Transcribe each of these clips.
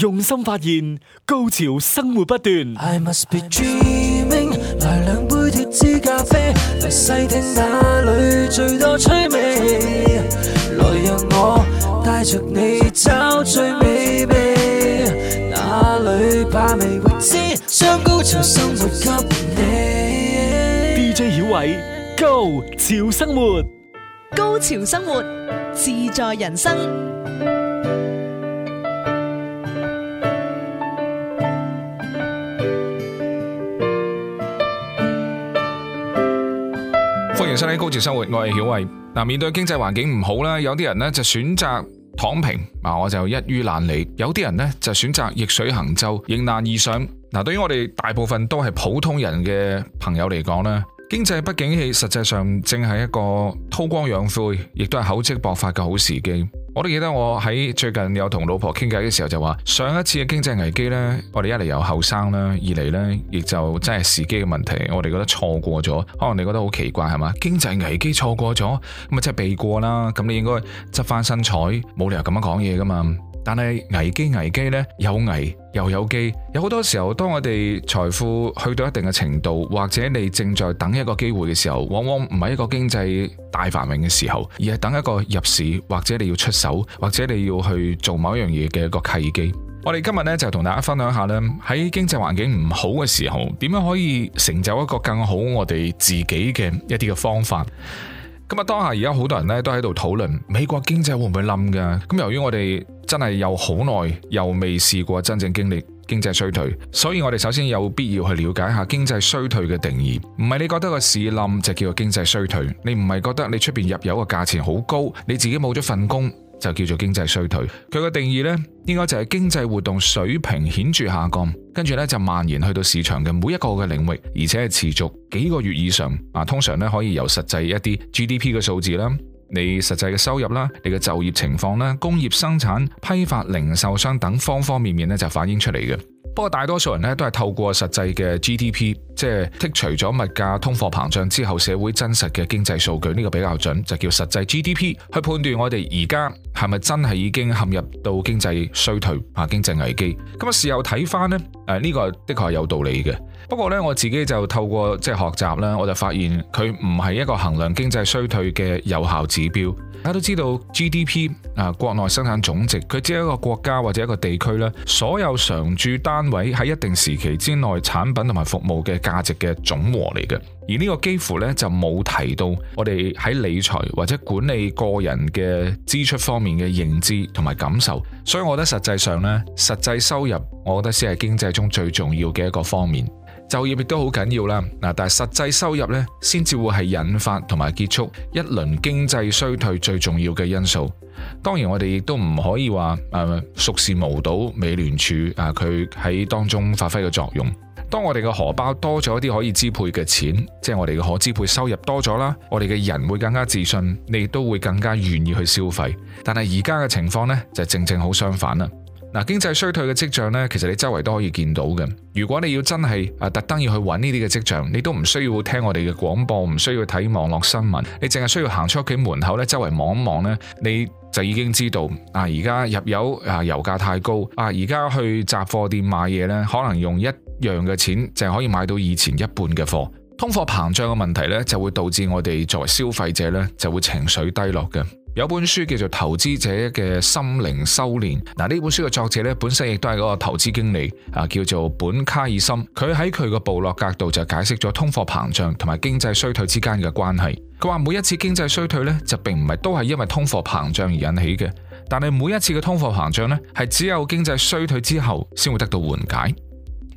用心發現高潮生活不斷。來兩杯脫脂咖啡，來細聽哪裏最多趣味。來讓我帶着你找最美味，哪裏把味未知。將高潮生活給你。DJ 曉偉，Go! 潮生活高潮生活，高潮生活自在人生。其實喺高處生活，我係曉慧。面對經濟環境唔好咧，有啲人呢就選擇躺平，我就一於懶理；有啲人呢就選擇逆水行舟，迎難而上。嗱，對於我哋大部分都係普通人嘅朋友嚟講咧，經濟不景氣，實際上正係一個韜光養晦，亦都係厚積薄發嘅好時機。我都記得我喺最近有同老婆傾偈嘅時候就話，上一次嘅經濟危機咧，我哋一嚟有後生啦，二嚟咧亦就真係時機嘅問題，我哋覺得錯過咗，可能你覺得好奇怪係嘛？經濟危機錯過咗，咁啊即係避過啦，咁你應該執翻身彩，冇理由咁樣講嘢噶嘛。但係危機危機呢，有危又有機，有好多時候，當我哋財富去到一定嘅程度，或者你正在等一個機會嘅時候，往往唔係一個經濟大繁榮嘅時候，而係等一個入市或者你要出手或者你要去做某樣嘢嘅一個契機。我哋今日呢，就同大家分享下呢，喺經濟環境唔好嘅時候，點樣可以成就一個更好我哋自己嘅一啲嘅方法。咁啊，當下而家好多人咧都喺度討論美國經濟會唔會冧噶？咁由於我哋真係又好耐又未試過真正經歷經濟衰退，所以我哋首先有必要去了解下經濟衰退嘅定義。唔係你覺得個市冧就叫做經濟衰退，你唔係覺得你出邊入油嘅價錢好高，你自己冇咗份工，就叫做經濟衰退，佢個定義呢，應該就係經濟活動水平顯著下降，跟住呢就蔓延去到市場嘅每一個嘅領域，而且係持續幾個月以上。啊，通常呢，可以由實際一啲 GDP 嘅數字啦，你實際嘅收入啦，你嘅就業情況啦，工業生產、批發、零售商等方方面面呢，就反映出嚟嘅。不過大多數人都係透過實際嘅 GDP，即係剔除咗物價通貨膨脹之後社會真實嘅經濟數據呢個比較準，就叫實際 GDP 去判斷我哋而家係咪真係已經陷入到經濟衰退啊經濟危機咁啊事後睇翻咧，呢個的確係有道理嘅。不過咧，我自己就透過即係學習咧，我就發現佢唔係一個衡量經濟衰退嘅有效指標。大家都知道 GDP 啊，國內生產總值，佢只係一個國家或者一個地區咧所有常住單位喺一定時期之內產品同埋服務嘅價值嘅總和嚟嘅。而呢個幾乎咧就冇提到我哋喺理財或者管理個人嘅支出方面嘅認知同埋感受。所以，我覺得實際上咧，實際收入，我覺得先係經濟中最重要嘅一個方面。就業亦都好緊要啦，嗱，但係實際收入呢，先至會係引發同埋結束一輪經濟衰退最重要嘅因素。當然，我哋亦都唔可以話誒、呃、熟視無睹美聯儲啊，佢喺當中發揮嘅作用。當我哋嘅荷包多咗一啲可以支配嘅錢，即係我哋嘅可支配收入多咗啦，我哋嘅人會更加自信，你亦都會更加願意去消費。但係而家嘅情況呢，就正正好相反啦。嗱，經濟衰退嘅跡象呢，其實你周圍都可以見到嘅。如果你要真係啊，特登要去揾呢啲嘅跡象，你都唔需要聽我哋嘅廣播，唔需要睇網絡新聞，你淨係需要行出屋企門口呢，周圍望一望呢，你就已經知道啊！而家入油啊，油價太高啊！而家去雜貨店買嘢呢，可能用一樣嘅錢淨係可以買到以前一半嘅貨。通貨膨脹嘅問題呢，就會導致我哋作為消費者呢，就會情緒低落嘅。有本書叫做《投資者嘅心靈修煉》，嗱呢本書嘅作者呢，本身亦都係嗰個投資經理，啊叫做本卡爾森。佢喺佢個部落格度就解釋咗通貨膨脹同埋經濟衰退之間嘅關係。佢話每一次經濟衰退呢，就並唔係都係因為通貨膨脹而引起嘅，但係每一次嘅通貨膨脹呢，係只有經濟衰退之後先會得到緩解。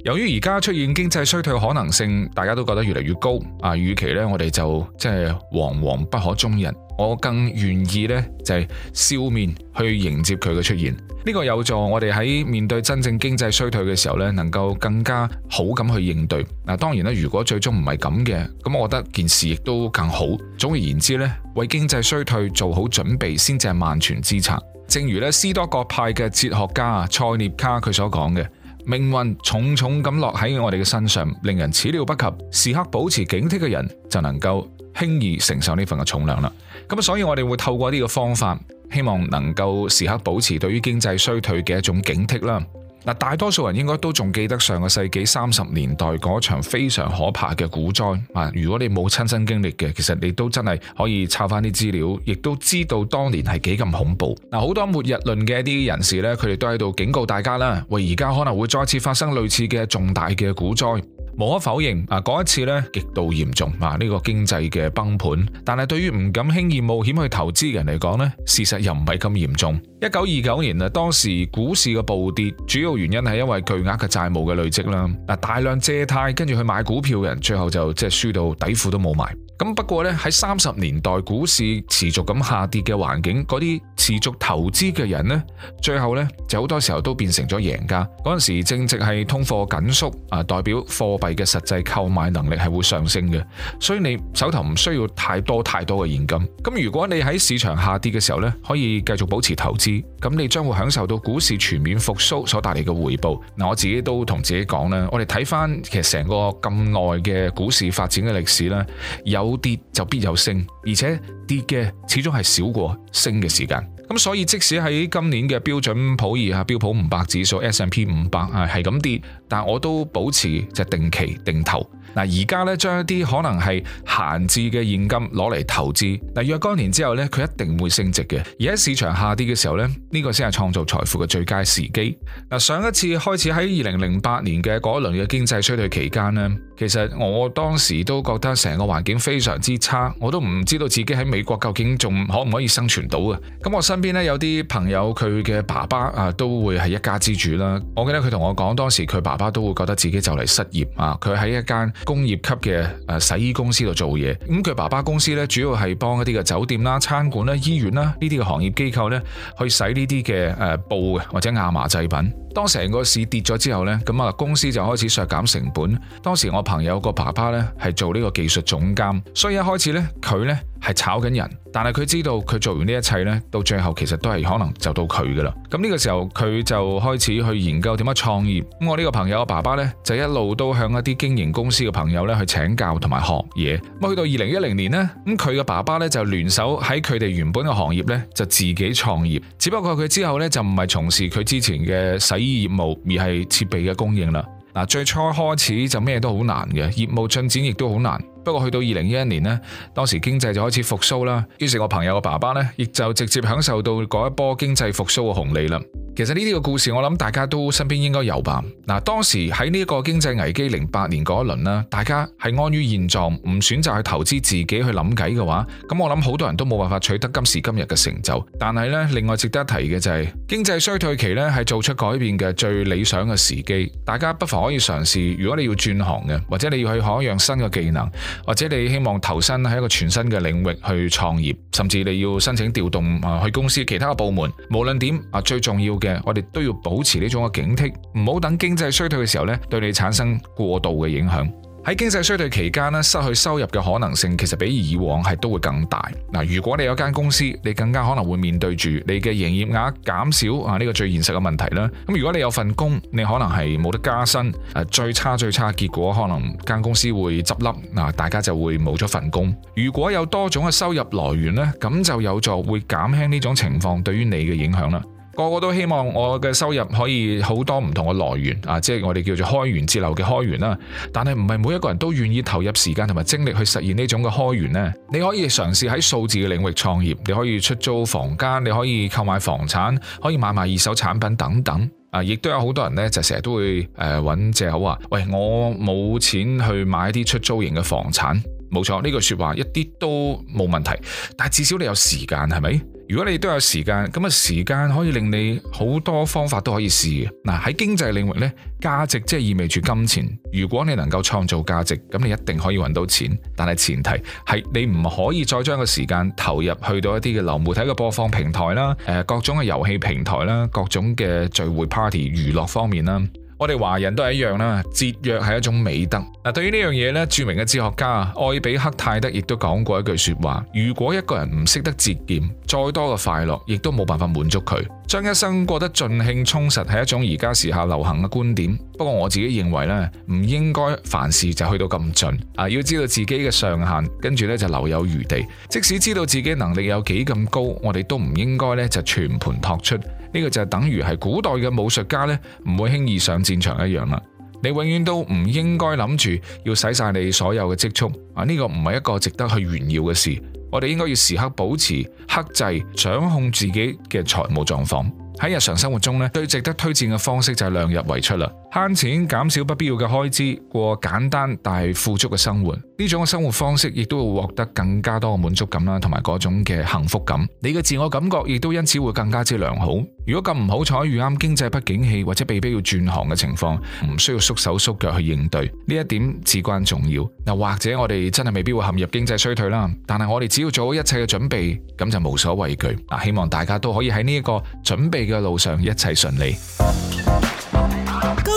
由於而家出現經濟衰退嘅可能性，大家都覺得越嚟越高，啊與其呢我哋就即係惶惶不可終日。我更願意呢，就係笑面去迎接佢嘅出現。呢個有助我哋喺面對真正經濟衰退嘅時候呢，能夠更加好咁去應對。嗱，當然咧，如果最終唔係咁嘅，咁我覺得件事亦都更好。總而言之呢，為經濟衰退做好準備先至係萬全之策。正如呢斯多葛派嘅哲學家啊塞涅卡佢所講嘅：命運重重咁落喺我哋嘅身上，令人始料不及。時刻保持警惕嘅人，就能夠輕易承受呢份嘅重量啦，咁所以我哋會透過呢個方法，希望能夠時刻保持對於經濟衰退嘅一種警惕啦。嗱，大多數人應該都仲記得上個世紀三十年代嗰場非常可怕嘅股災啊。如果你冇親身經歷嘅，其實你都真係可以查返啲資料，亦都知道當年係幾咁恐怖。嗱，好多末日論嘅一啲人士呢，佢哋都喺度警告大家啦，喂，而家可能會再次發生類似嘅重大嘅股災。無可否認，嗱嗰一次咧極度嚴重，嗱、啊、呢、這個經濟嘅崩盤。但係對於唔敢輕易冒險去投資嘅人嚟講咧，事實又唔係咁嚴重。一九二九年啊，當時股市嘅暴跌，主要原因係因為巨額嘅債務嘅累積啦，大量借貸跟住去買股票嘅人，最後就即係輸到底褲都冇埋。咁不過呢，喺三十年代股市持續咁下跌嘅環境，嗰啲持續投資嘅人呢，最後呢就好多時候都變成咗贏家。嗰陣時正值係通貨緊縮，啊、呃、代表貨幣嘅實際購買能力係會上升嘅，所以你手頭唔需要太多太多嘅現金。咁如果你喺市場下跌嘅時候呢，可以繼續保持投資，咁你將會享受到股市全面復甦所帶嚟嘅回報。嗱，我自己都同自己講啦，我哋睇返其實成個咁耐嘅股市發展嘅歷史呢，有。冇跌就必有升，而且跌嘅始終係少過升嘅時間。咁所以即使喺今年嘅標準普爾啊、標普五百指數、S&P 五百啊係咁跌，但我都保持就定期定投。嗱，而家咧將一啲可能係閒置嘅現金攞嚟投資。嗱，若干年之後咧，佢一定會升值嘅。而喺市場下跌嘅時候咧，呢個先係創造財富嘅最佳時機。嗱，上一次開始喺二零零八年嘅嗰一輪嘅經濟衰退期間咧。其實我當時都覺得成個環境非常之差，我都唔知道自己喺美國究竟仲可唔可以生存到啊！咁我身邊呢，有啲朋友，佢嘅爸爸啊都會係一家之主啦。我記得佢同我講，當時佢爸爸都會覺得自己就嚟失業啊！佢喺一間工業級嘅誒洗衣公司度做嘢，咁佢爸爸公司呢，主要係幫一啲嘅酒店啦、餐館啦、醫院啦呢啲嘅行業機構呢，去洗呢啲嘅誒布嘅或者亞麻製品。當成個市跌咗之後咧，公司就開始削減成本。當時我朋友個爸爸咧，係做呢個技術總監，所以一開始呢，佢呢。係炒緊人，但係佢知道佢做完呢一切呢，到最後其實都係可能就到佢噶啦。咁呢個時候佢就開始去研究點樣創業。咁我呢個朋友嘅爸爸呢，就一路都向一啲經營公司嘅朋友呢去請教同埋學嘢。去到二零一零年呢，咁佢嘅爸爸呢，就聯手喺佢哋原本嘅行業呢，就自己創業。只不過佢之後呢，就唔係從事佢之前嘅洗衣業務，而係設備嘅供應啦。嗱，最初開始就咩都好難嘅，業務進展亦都好難。不過去到二零一一年呢，當時經濟就開始復甦啦，於是我朋友嘅爸爸呢，亦就直接享受到嗰一波經濟復甦嘅紅利啦。其實呢啲個故事，我諗大家都身邊應該有吧。嗱，當時喺呢個經濟危機零八年嗰一輪啦，大家係安於現狀，唔選擇去投資自己去諗計嘅話，咁我諗好多人都冇辦法取得今時今日嘅成就。但係呢，另外值得一提嘅就係、是、經濟衰退期呢係做出改變嘅最理想嘅時機。大家不妨可以嘗試，如果你要轉行嘅，或者你要去學一樣新嘅技能，或者你希望投身喺一個全新嘅領域去創業，甚至你要申請調動啊去公司其他嘅部門，無論點啊，最重要我哋都要保持呢種嘅警惕，唔好等經濟衰退嘅時候咧，對你產生過度嘅影響。喺經濟衰退期間咧，失去收入嘅可能性，其實比以往係都會更大。嗱，如果你有間公司，你更加可能會面對住你嘅營業額減少啊，呢個最現實嘅問題啦。咁如果你有份工，你可能係冇得加薪，誒，最差最差結果可能間公司會執笠，嗱，大家就會冇咗份工。如果有多種嘅收入來源呢，咁就有助會減輕呢種情況對於你嘅影響啦。個個都希望我嘅收入可以好多唔同嘅來源啊！即係我哋叫做開源節流嘅開源啦。但係唔係每一個人都願意投入時間同埋精力去實現呢種嘅開源咧。你可以嘗試喺數字嘅領域創業，你可以出租房間，你可以購買房產，可以買賣二手產品等等。啊，亦都有好多人呢，就成日都會揾、呃、借口話，喂，我冇錢去買啲出租型嘅房產。冇錯，呢句說話一啲都冇問題。但至少你有時間，係咪？如果你都有時間，咁啊時間可以令你好多方法都可以試嘅嗱。喺經濟領域咧，價值即係意味住金錢。如果你能夠創造價值，咁你一定可以揾到錢。但係前提係你唔可以再將個時間投入去到一啲嘅流媒體嘅播放平台啦，誒各種嘅遊戲平台啦，各種嘅聚會 party 娛樂方面啦。我哋華人都係一樣啦，節約係一種美德嗱。對於呢樣嘢咧，著名嘅哲學家愛比克泰德亦都講過一句說話：如果一個人唔識得節儉。再多嘅快樂，亦都冇辦法滿足佢。將一生過得盡興充實，係一種而家時下流行嘅觀點。不過我自己認為呢，唔應該凡事就去到咁盡。啊，要知道自己嘅上限，跟住呢就留有餘地。即使知道自己能力有幾咁高，我哋都唔應該呢就全盤托出。呢個就等於係古代嘅武術家呢，唔會輕易上戰場一樣啦。你永遠都唔應該諗住要使晒你所有嘅積蓄。啊，呢個唔係一個值得去炫耀嘅事。我哋應該要時刻保持克制，掌控自己嘅財務狀況。喺日常生活中咧，最值得推薦嘅方式就係量入為出啦。慳錢，減少不必要嘅開支，過簡單但係富足嘅生活，呢種嘅生活方式亦都會獲得更加多嘅滿足感啦，同埋各種嘅幸福感。你嘅自我感覺亦都因此會更加之良好。如果咁唔好彩遇啱經濟不景氣或者被逼要轉行嘅情況，唔需要縮手縮腳去應對，呢一點至關重要。嗱，或者我哋真係未必會陷入經濟衰退啦，但係我哋只要做好一切嘅準備，咁就無所畏懼。嗱，希望大家都可以喺呢一個準備嘅路上一切順利。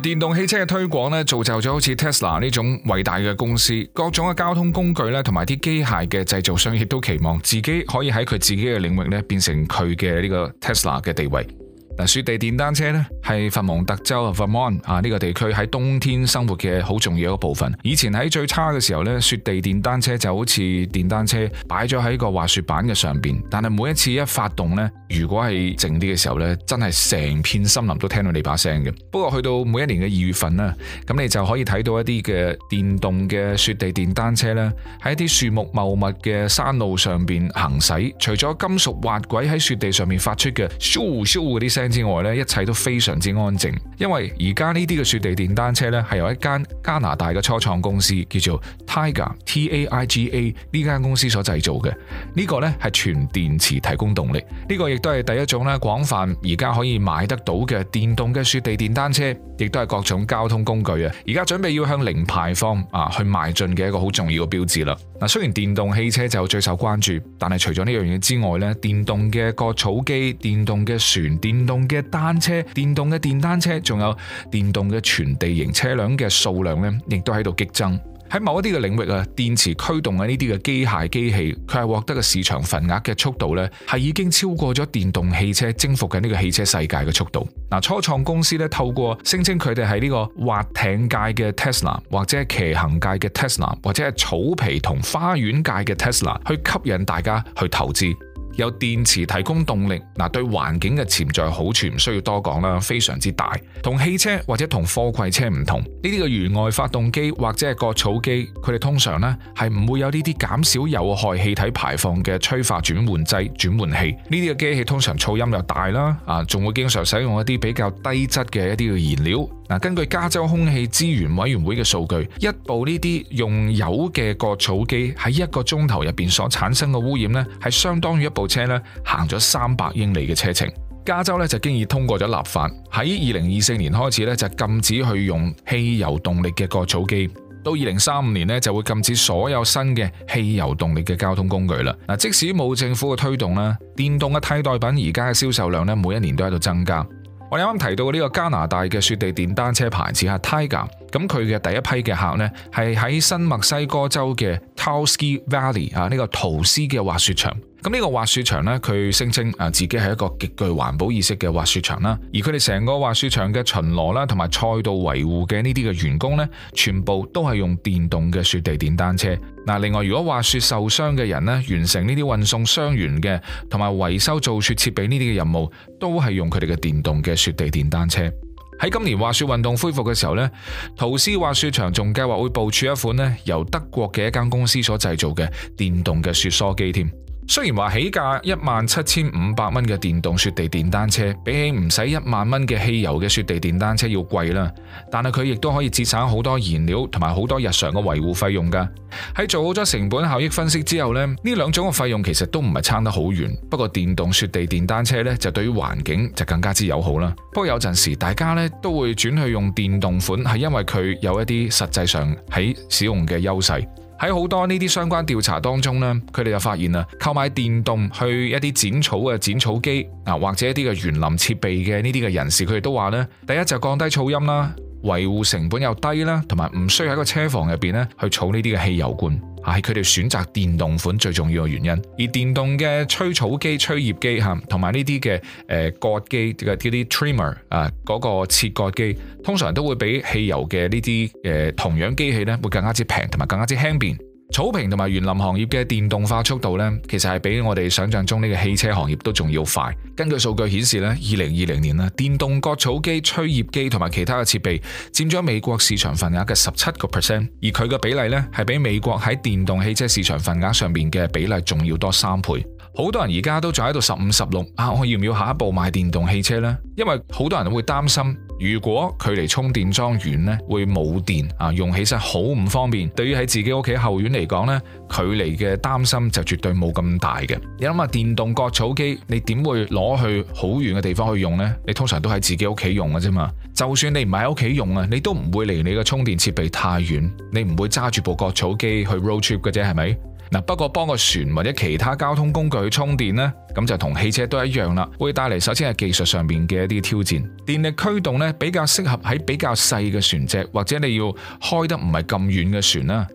電動汽車嘅推廣咧，造就咗好似 Tesla 呢種偉大嘅公司。各種嘅交通工具咧，同埋啲機械嘅製造商，亦都期望自己可以喺佢自己嘅領域咧，變成佢嘅呢個 Tesla 嘅地位。嗱，雪地電單車呢，係佛蒙特州 v e、erm、啊呢、這個地區喺冬天生活嘅好重要一個部分。以前喺最差嘅時候呢，雪地電單車就好似電單車擺咗喺個滑雪板嘅上邊，但係每一次一發動呢，如果係靜啲嘅時候呢，真係成片森林都聽到你把聲嘅。不過去到每一年嘅二月份呢，咁你就可以睇到一啲嘅電動嘅雪地電單車呢，喺一啲樹木茂密嘅山路上邊行駛，除咗金屬滑軌喺雪地上面發出嘅咻咻嗰啲聲。Sh oo sh oo 之外咧，一切都非常之安靜，因為而家呢啲嘅雪地電單車咧，係由一間加拿大嘅初創公司叫做 t, iger, t、A、i g e r T A I G A 呢間公司所製造嘅。呢、這個咧係全電池提供動力，呢、這個亦都係第一種咧廣泛而家可以買得到嘅電動嘅雪地電單車，亦都係各種交通工具啊！而家準備要向零排放啊去邁進嘅一個好重要嘅標誌啦。嗱，雖然電動汽車就最受關注，但係除咗呢樣嘢之外咧，電動嘅割草機、電動嘅船、電動嘅單車、電動嘅電單車，仲有電動嘅全地形車輛嘅數量呢，亦都喺度激增。喺某一啲嘅領域啊，電池驅動嘅呢啲嘅機械機器，佢係獲得嘅市場份額嘅速度呢，係已經超過咗電動汽車征服嘅呢個汽車世界嘅速度。嗱，初創公司呢，透過聲稱佢哋係呢個滑艇界嘅 Tesla，或者係騎行界嘅 Tesla，或者係草皮同花園界嘅 Tesla 去吸引大家去投資。有電池提供動力，嗱，對環境嘅潛在好處唔需要多講啦，非常之大。同汽車或者同貨櫃車唔同，呢啲嘅餘外發動機或者係割草機，佢哋通常咧係唔會有呢啲減少有害氣體排放嘅催化轉換劑轉換器。呢啲嘅機器通常噪音又大啦，啊，仲會經常使用一啲比較低質嘅一啲嘅燃料。根據加州空氣資源委員會嘅數據，一部呢啲用油嘅割草機喺一個鐘頭入邊所產生嘅污染呢，係相當於一部車呢行咗三百英里嘅車程。加州呢就經已通過咗立法，喺二零二四年開始呢，就禁止去用汽油動力嘅割草機，到二零三五年呢，就會禁止所有新嘅汽油動力嘅交通工具啦。嗱，即使冇政府嘅推動啦，電動嘅替代品而家嘅銷售量呢，每一年都喺度增加。我哋啱啱提到嘅呢個加拿大嘅雪地電單車牌子係 Tiger，咁佢嘅第一批嘅客呢係喺新墨西哥州嘅 Taos Ski Valley 啊呢、呢個圖斯嘅滑雪場。咁呢個滑雪場呢，佢聲稱啊，自己係一個極具環保意識嘅滑雪場啦。而佢哋成個滑雪場嘅巡邏啦，同埋賽道維護嘅呢啲嘅員工呢，全部都係用電動嘅雪地電單車嗱。另外，如果滑雪受傷嘅人呢，完成呢啲運送傷員嘅同埋維修造雪設備呢啲嘅任務，都係用佢哋嘅電動嘅雪地電單車。喺今年滑雪運動恢復嘅時候呢，圖斯滑雪場仲計劃會部署一款呢，由德國嘅一間公司所製造嘅電動嘅雪梳機添。雖然話起價一萬七千五百蚊嘅電動雪地電單車，比起唔使一萬蚊嘅汽油嘅雪地電單車要貴啦，但係佢亦都可以節省好多燃料同埋好多日常嘅維護費用噶。喺做好咗成本效益分析之後呢，呢兩種嘅費用其實都唔係差得好遠。不過電動雪地電單車呢，就對於環境就更加之友好啦。不過有陣時大家呢，都會轉去用電動款，係因為佢有一啲實際上喺使用嘅優勢。喺好多呢啲相關調查當中呢，佢哋就發現啊，購買電動去一啲剪草嘅剪草機啊，或者一啲嘅園林設備嘅呢啲嘅人士，佢哋都話呢，第一就降低噪音啦，維護成本又低啦，同埋唔需要喺個車房入邊咧去儲呢啲嘅汽油罐。係佢哋選擇電動款最重要嘅原因，而電動嘅吹草機、吹葉機同埋呢啲嘅誒割機嘅呢啲 trimmer 啊，嗰個切割機，通常都會比汽油嘅呢啲誒同樣機器咧，會更加之平，同埋更加之輕便。草坪同埋園林行業嘅電動化速度呢，其實係比我哋想象中呢個汽車行業都仲要快。根據數據顯示，呢二零二零年呢，電動割草機、吹葉機同埋其他嘅設備佔咗美國市場份額嘅十七個 percent，而佢嘅比例呢，係比美國喺電動汽車市場份額上面嘅比例仲要多三倍。好多人而家都仲喺度十五十六啊，我要唔要下一步買電動汽車呢？因為好多人會擔心。如果距離充電樁遠咧，會冇電啊，用起身好唔方便。對於喺自己屋企後院嚟講咧，距離嘅擔心就絕對冇咁大嘅。你諗下電動割草機，你點會攞去好遠嘅地方去用呢？你通常都喺自己屋企用嘅啫嘛。就算你唔喺屋企用啊，你都唔會離你嘅充電設備太遠，你唔會揸住部割草機去 road trip 嘅啫，係咪？嗱，不過幫個船或者其他交通工具去充電呢，咁就同汽車都一樣啦，會帶嚟首先係技術上面嘅一啲挑戰。電力驅動呢，比較適合喺比較細嘅船隻，或者你要開得唔係咁遠嘅船啦。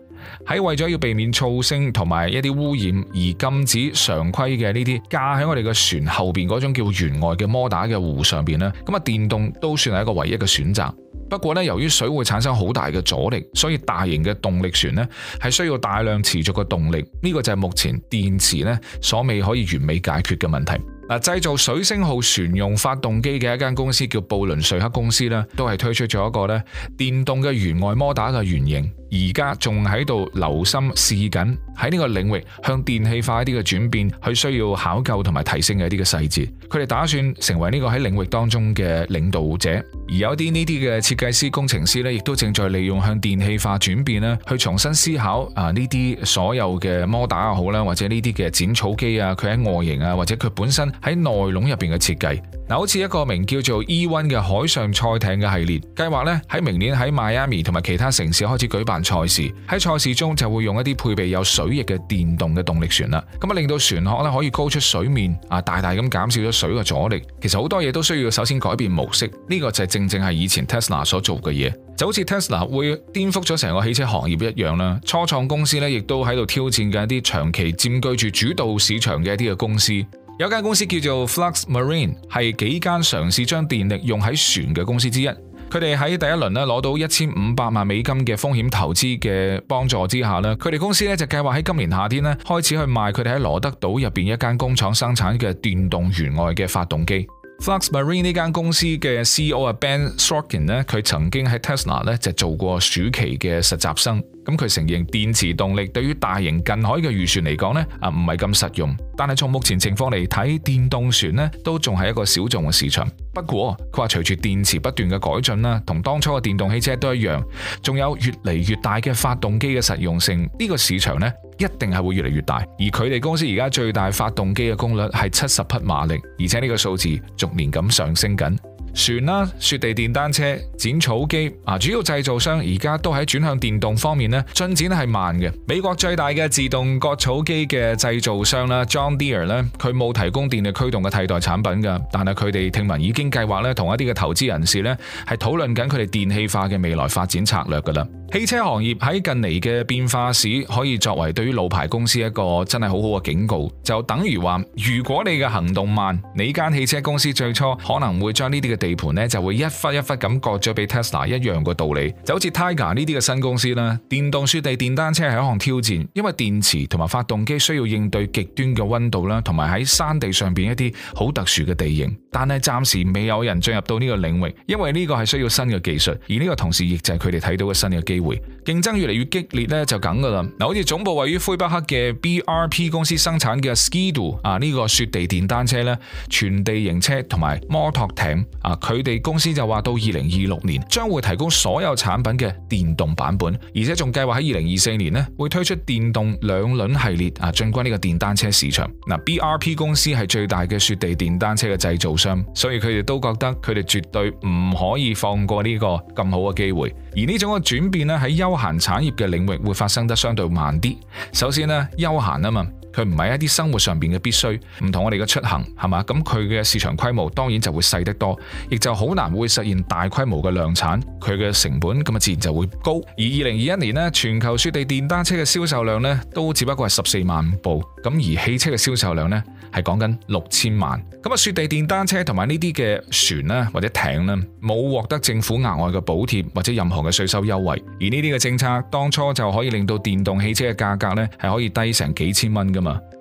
喺為咗要避免噪聲同埋一啲污染而禁止常規嘅呢啲架喺我哋嘅船後邊嗰種叫船外嘅摩打嘅湖上邊呢，咁啊電動都算係一個唯一嘅選擇。不過咧，由於水會產生好大嘅阻力，所以大型嘅動力船咧係需要大量持續嘅動力，呢個就係目前電池咧所未可以完美解決嘅問題。嗱，製造水星號船用發動機嘅一間公司叫布倫瑞克公司啦，都係推出咗一個咧電動嘅船外摩打嘅原型。而家仲喺度留心試緊喺呢個領域向電氣化一啲嘅轉變，去需要考究同埋提升嘅一啲嘅細節。佢哋打算成為呢個喺領域當中嘅領導者。而有啲呢啲嘅設計師、工程師呢，亦都正在利用向電氣化轉變呢去重新思考啊呢啲所有嘅摩打又好啦，或者呢啲嘅剪草機啊，佢喺外形啊，或者佢本身喺內籠入邊嘅設計。嗱，好似一個名叫做 E1 嘅海上賽艇嘅系列，計劃呢，喺明年喺 Miami 同埋其他城市開始舉辦。賽事喺賽事中就會用一啲配備有水翼嘅電動嘅動力船啦，咁啊令到船殼咧可以高出水面啊，大大咁減少咗水嘅阻力。其實好多嘢都需要首先改變模式，呢個就係正正係以前 Tesla 所做嘅嘢，就好似 Tesla 會顛覆咗成個汽車行業一樣啦。初創公司咧亦都喺度挑戰緊一啲長期佔據住主導市場嘅一啲嘅公司，有間公司叫做 Flux Marine，係幾間嘗試將電力用喺船嘅公司之一。佢哋喺第一輪咧攞到一千五百萬美金嘅風險投資嘅幫助之下咧，佢哋公司咧就計劃喺今年夏天咧開始去賣佢哋喺羅德島入邊一間工廠生產嘅電動船外嘅發動機。Flux Marine 呢間公司嘅 CEO 啊 Ben Sorkin 咧，佢曾經喺 Tesla 咧就做過暑期嘅實習生。咁佢承認電池動力對於大型近海嘅漁船嚟講呢，啊唔係咁實用。但係從目前情況嚟睇，電動船呢都仲係一個小眾嘅市場。不過佢話隨住電池不斷嘅改進啦，同當初嘅電動汽車都一樣，仲有越嚟越大嘅發動機嘅實用性，呢個市場呢，一定係會越嚟越大。而佢哋公司而家最大發動機嘅功率係七十匹馬力，而且呢個數字逐年咁上升緊。船啦、雪地電單車、剪草機啊，主要製造商而家都喺轉向電動方面咧，進展係慢嘅。美國最大嘅自動割草機嘅製造商啦，John Deere，佢冇提供電力驅動嘅替代產品噶，但係佢哋聽聞已經計劃咧，同一啲嘅投資人士咧，係討論緊佢哋電氣化嘅未來發展策略噶啦。汽車行業喺近嚟嘅變化史可以作為對於老牌公司一個真係好好嘅警告，就等於話如果你嘅行動慢，你間汽車公司最初可能會將呢啲嘅地盤呢就會一忽一忽咁割咗俾 Tesla 一樣嘅道理，就好似 Tiger 呢啲嘅新公司啦。電動雪地電單車係一項挑戰，因為電池同埋發動機需要應對極端嘅溫度啦，同埋喺山地上邊一啲好特殊嘅地形。但係暫時未有人進入到呢個領域，因為呢個係需要新嘅技術，而呢個同時亦就係佢哋睇到嘅新嘅技術。機會競爭越嚟越激烈咧，就梗㗎喇。嗱，好似總部位於魁北克嘅 B R P 公司生產嘅 Ski-Doo 啊呢、呢個雪地電單車咧，全地形車同埋摩托艇啊，佢哋公司就話到二零二六年將會提供所有產品嘅電動版本，而且仲計劃喺二零二四年咧會推出電動兩輪系列啊，進軍呢個電單車市場。嗱、啊、，B R P 公司係最大嘅雪地電單車嘅製造商，所以佢哋都覺得佢哋絕對唔可以放過呢個咁好嘅機會，而呢種嘅轉變。喺休閒產業嘅領域會發生得相對慢啲。首先呢，休閒啊嘛。佢唔係一啲生活上面嘅必需，唔同我哋嘅出行，係嘛？咁佢嘅市場規模當然就會細得多，亦就好難會實現大規模嘅量產。佢嘅成本咁啊，自然就會高。而二零二一年咧，全球雪地電單車嘅銷售量咧，都只不過係十四萬部。咁而汽車嘅銷售量咧，係講緊六千萬。咁啊，雪地電單車同埋呢啲嘅船啦或者艇啦，冇獲得政府額外嘅補貼或者任何嘅稅收優惠。而呢啲嘅政策當初就可以令到電動汽車嘅價格咧係可以低成幾千蚊咁。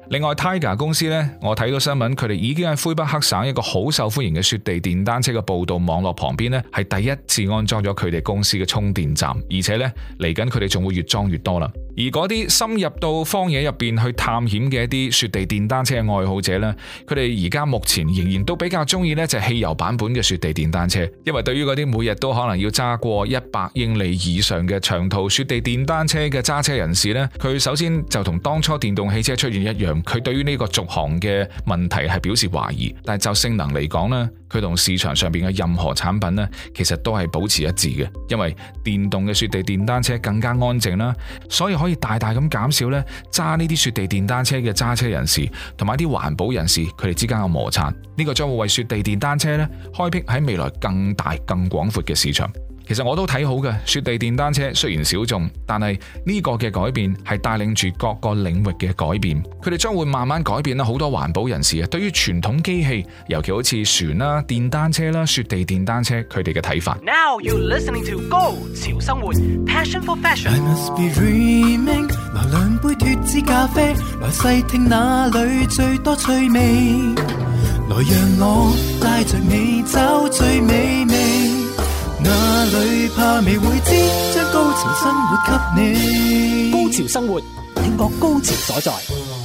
另外，Tiger 公司呢，我睇到新聞，佢哋已經喺魁北克省一個好受歡迎嘅雪地電單車嘅步道網絡旁邊呢，係第一次安裝咗佢哋公司嘅充電站，而且呢，嚟緊佢哋仲會越裝越多啦。而嗰啲深入到荒野入邊去探險嘅一啲雪地電單車愛好者咧，佢哋而家目前仍然都比較中意呢就汽油版本嘅雪地電單車，因為對於嗰啲每日都可能要揸過一百英里以上嘅長途雪地電單車嘅揸車人士咧，佢首先就同當初電動汽車出現一樣，佢對於呢個續航嘅問題係表示懷疑，但係就性能嚟講咧，佢同市場上邊嘅任何產品咧其實都係保持一致嘅，因為電動嘅雪地電單車更加安靜啦，所以。可以大大咁減少呢揸呢啲雪地電單車嘅揸車人士同埋啲環保人士佢哋之間嘅摩擦，呢、這個將會為雪地電單車呢開闢喺未來更大更廣闊嘅市場。其實我都睇好嘅，雪地電單車雖然小眾，但係呢個嘅改變係帶領住各個領域嘅改變。佢哋將會慢慢改變啦，好多環保人士啊，對於傳統機器，尤其好似船啦、啊、電單車啦、啊、雪地電單車，佢哋嘅睇法。Now you listening to go 潮生活，passion for fashion。I must be dreaming。嗱，兩杯脫脂咖啡，嗱，細聽，那裏最多趣味，來讓我帶着你走最美味。我着你美那裏怕未會知，將高潮生活，給你高潮生活，聽覺高潮所在。